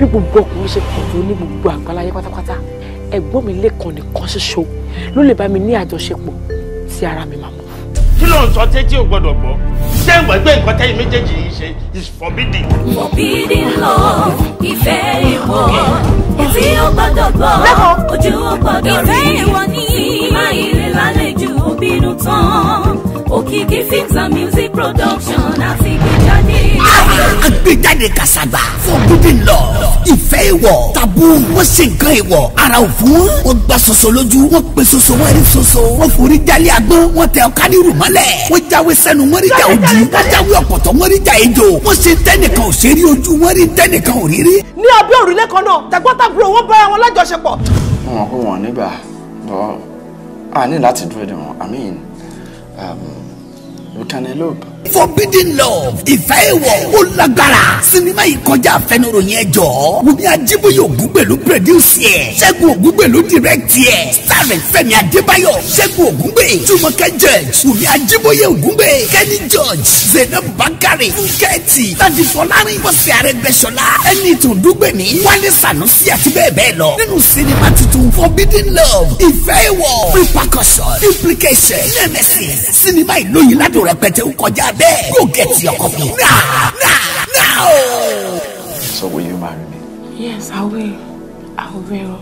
bí gbogbo ọkùnrin ṣe pọ̀ tó ní gbogbo àgbáláyé pátápátá ẹ̀gbọ́n mi lẹ́kan nìkan ṣoṣo ló lè bá mi ní àjọṣepọ̀ tí ara mi máa mú. kí ló ń sọ tẹ́tí ò gbọ́dọ̀ gbọ́ ṣé ìwà ẹgbẹ́ nǹkan tẹ́yìn méjèèjì yìí ṣe is forbidden. forbidden love ìfẹ́ ìwọ etí ò gbọ́dọ̀ gbọ́ ojú ò gbọ́dọ̀ rí ìfẹ́ ìwọ ní máa ìrẹ̀lálejò bínú tán òkìkí films music agbẹjáde kasaba forbidden love ìfẹ́ ìwọ̀ tabu wọ́n ṣe nǹkan ìwọ̀ ara ò fún wọn gba soso lójú wọ́n pe soso wọ́n rí soso wọ́n forí jálẹ̀ agbọ́n wọ́n tẹ ọ̀kadì rù mọ́lẹ̀ wọ́n jáwé sẹ́nu wọ́n rí jà ojú wọ́n jáwé ọ̀pọ̀tọ̀ wọ́n rí jà ejò wọ́n ṣe tẹ́nìkan ò ṣe rí ojú wọ́n rí tẹ́nìkan ò rí rí. ní abẹ́ òrùlé kan náà tẹ̀gbọ́ntàbúrò wọ́n bára wọn lájọṣepọ̀. wọn kò wọn nígbà bọ́ a ní láti dúró de wọn i mean um, You can elope. Forbidden love, ìfẹ́ ìwọ̀, ó oh, lágbára. sinimá yìí kọjá àfẹnuròyìn ẹjọ́ wùmí ajíbóyè ògúngbèlú pẹ̀dúsì ẹ̀ ṣẹ́gun ògúngbèlú dìrẹ́kìtì ẹ̀ starring fẹ́mi adébáyọ̀ ṣẹ́gun ògúngbè jùmọ̀kẹ́ george wùmí ajíbóyè ògúngbè kẹ́ni george zainab bakari fúnkẹ́ẹ̀tì tàbí fọlárin bọ́sẹ̀ arẹgbẹ́sọlá ẹni ìtòdúgbẹ̀mí wálé sànúsì àti bẹ́ẹ̀ bẹ́ẹ̀ lọ nínú sinimá tuntun forbidden love ìfẹ́ ìwọ̀ repercussion implication nemesis sinimá ìlóyìn ládùn rẹpẹtẹ ń kọjá bẹ́ẹ̀ go get your copy now Yes, I will. I will.